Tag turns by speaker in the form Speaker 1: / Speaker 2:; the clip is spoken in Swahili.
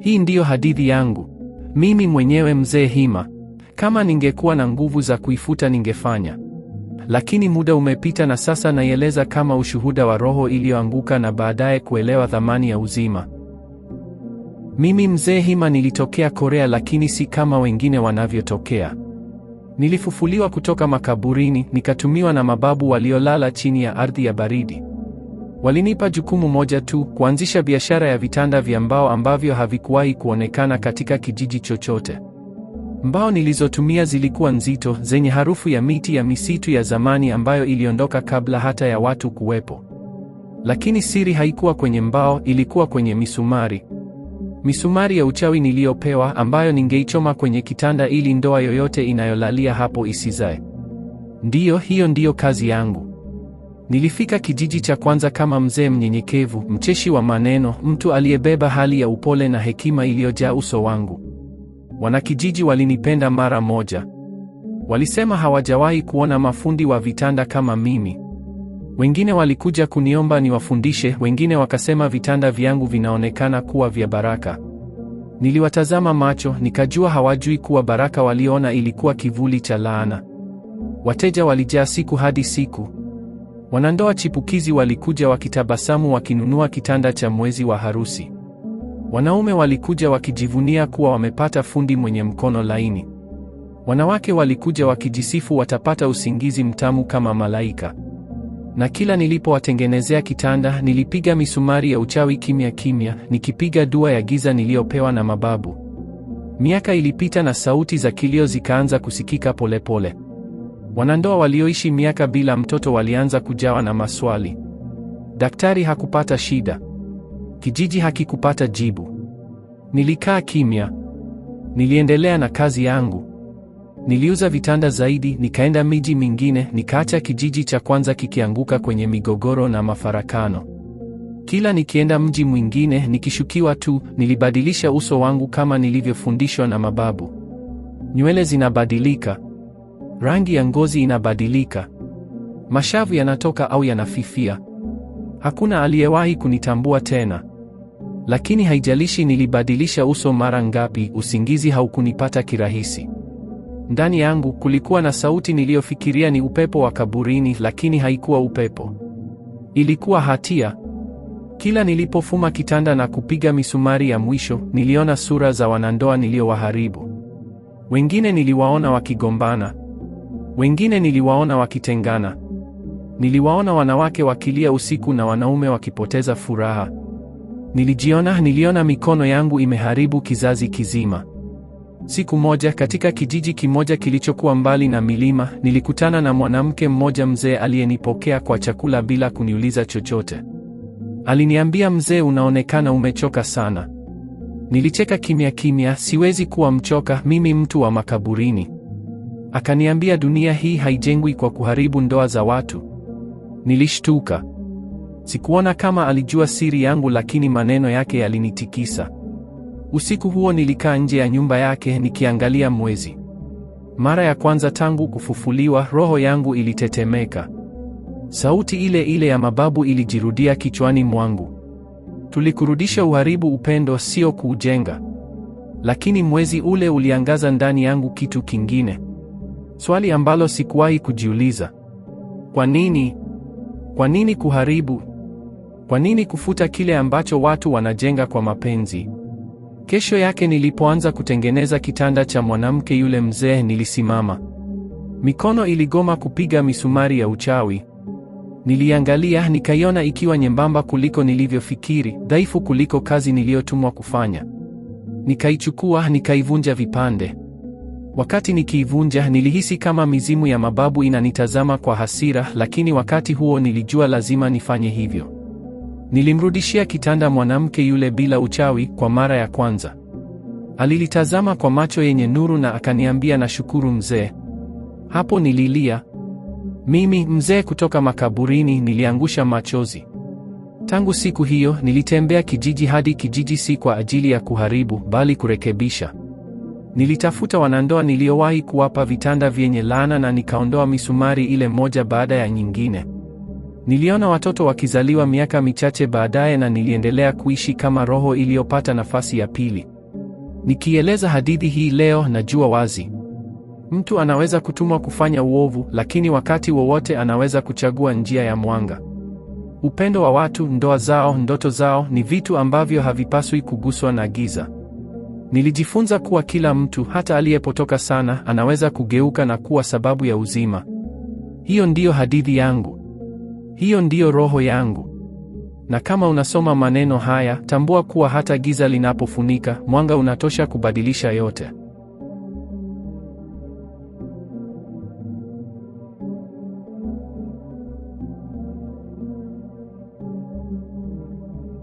Speaker 1: Hii ndiyo hadithi yangu mimi mwenyewe, Mzee Hima. Kama ningekuwa na nguvu za kuifuta ningefanya, lakini muda umepita, na sasa naieleza kama ushuhuda wa roho iliyoanguka na baadaye kuelewa thamani ya uzima. Mimi Mzee Hima nilitokea Korea, lakini si kama wengine wanavyotokea. Nilifufuliwa kutoka makaburini, nikatumiwa na mababu waliolala chini ya ardhi ya baridi. Walinipa jukumu moja tu, kuanzisha biashara ya vitanda vya mbao ambavyo havikuwahi kuonekana katika kijiji chochote. Mbao nilizotumia zilikuwa nzito, zenye harufu ya miti ya misitu ya zamani ambayo iliondoka kabla hata ya watu kuwepo. Lakini siri haikuwa kwenye mbao, ilikuwa kwenye misumari. Misumari ya uchawi niliyopewa ambayo ningeichoma kwenye kitanda ili ndoa yoyote inayolalia hapo isizae. Ndiyo, hiyo ndiyo kazi yangu. Nilifika kijiji cha kwanza kama mzee mnyenyekevu, mcheshi wa maneno, mtu aliyebeba hali ya upole na hekima iliyojaa uso wangu. Wanakijiji walinipenda mara moja. Walisema hawajawahi kuona mafundi wa vitanda kama mimi. Wengine walikuja kuniomba niwafundishe, wengine wakasema vitanda vyangu vinaonekana kuwa vya baraka. Niliwatazama macho, nikajua hawajui kuwa baraka waliona ilikuwa kivuli cha laana. Wateja walijaa siku hadi siku. Wanandoa chipukizi walikuja wakitabasamu wakinunua kitanda cha mwezi wa harusi. Wanaume walikuja wakijivunia kuwa wamepata fundi mwenye mkono laini. Wanawake walikuja wakijisifu watapata usingizi mtamu kama malaika. Na kila nilipowatengenezea kitanda, nilipiga misumari ya uchawi kimya kimya, nikipiga dua ya giza niliyopewa na mababu. Miaka ilipita na sauti za kilio zikaanza kusikika polepole pole. Wanandoa walioishi miaka bila mtoto walianza kujawa na maswali. Daktari hakupata shida, kijiji hakikupata jibu. Nilikaa kimya, niliendelea na kazi yangu, niliuza vitanda zaidi, nikaenda miji mingine, nikaacha kijiji cha kwanza kikianguka kwenye migogoro na mafarakano. Kila nikienda mji mwingine, nikishukiwa tu, nilibadilisha uso wangu kama nilivyofundishwa na mababu. Nywele zinabadilika Rangi ya ngozi inabadilika, mashavu yanatoka au yanafifia. Hakuna aliyewahi kunitambua tena, lakini haijalishi nilibadilisha uso mara ngapi, usingizi haukunipata kirahisi. Ndani yangu kulikuwa na sauti niliyofikiria ni upepo wa kaburini, lakini haikuwa upepo, ilikuwa hatia. Kila nilipofuma kitanda na kupiga misumari ya mwisho, niliona sura za wanandoa niliowaharibu. Wengine niliwaona wakigombana, wengine niliwaona wakitengana. Niliwaona wanawake wakilia usiku na wanaume wakipoteza furaha. Nilijiona, niliona mikono yangu imeharibu kizazi kizima. Siku moja katika kijiji kimoja kilichokuwa mbali na milima, nilikutana na mwanamke mmoja mzee aliyenipokea kwa chakula bila kuniuliza chochote. Aliniambia, mzee, unaonekana umechoka sana. Nilicheka kimya kimya, siwezi kuwa mchoka, mimi mtu wa makaburini. Akaniambia dunia hii haijengwi kwa kuharibu ndoa za watu. Nilishtuka. Sikuona kama alijua siri yangu, lakini maneno yake yalinitikisa. Usiku huo nilikaa nje ya nyumba yake nikiangalia mwezi. Mara ya kwanza tangu kufufuliwa, roho yangu ilitetemeka. Sauti ile ile ya mababu ilijirudia kichwani mwangu. Tulikurudisha uharibu upendo, sio kuujenga. Lakini mwezi ule uliangaza ndani yangu kitu kingine. Swali ambalo sikuwahi kujiuliza. Kwa nini? Kwa nini kuharibu? Kwa nini kufuta kile ambacho watu wanajenga kwa mapenzi? Kesho yake nilipoanza kutengeneza kitanda cha mwanamke yule mzee nilisimama. Mikono iligoma kupiga misumari ya uchawi. Niliangalia nikaiona ikiwa nyembamba kuliko nilivyofikiri, dhaifu kuliko kazi niliyotumwa kufanya. Nikaichukua, nikaivunja vipande. Wakati nikiivunja nilihisi kama mizimu ya mababu inanitazama kwa hasira, lakini wakati huo nilijua lazima nifanye hivyo. Nilimrudishia kitanda mwanamke yule bila uchawi kwa mara ya kwanza. Alilitazama kwa macho yenye nuru na akaniambia, nashukuru mzee. Hapo nililia. Mimi mzee kutoka makaburini niliangusha machozi. Tangu siku hiyo nilitembea kijiji hadi kijiji, si kwa ajili ya kuharibu, bali kurekebisha. Nilitafuta wanandoa niliowahi kuwapa vitanda vyenye laana na nikaondoa misumari ile moja baada ya nyingine. Niliona watoto wakizaliwa miaka michache baadaye na niliendelea kuishi kama roho iliyopata nafasi ya pili. Nikieleza hadithi hii leo, najua wazi. Mtu anaweza kutumwa kufanya uovu, lakini wakati wowote anaweza kuchagua njia ya mwanga. Upendo wa watu, ndoa zao, ndoto zao ni vitu ambavyo havipaswi kuguswa na giza. Nilijifunza kuwa kila mtu, hata aliyepotoka sana, anaweza kugeuka na kuwa sababu ya uzima. Hiyo ndiyo hadithi yangu, hiyo ndiyo roho yangu. Na kama unasoma maneno haya, tambua kuwa hata giza linapofunika, mwanga unatosha kubadilisha yote.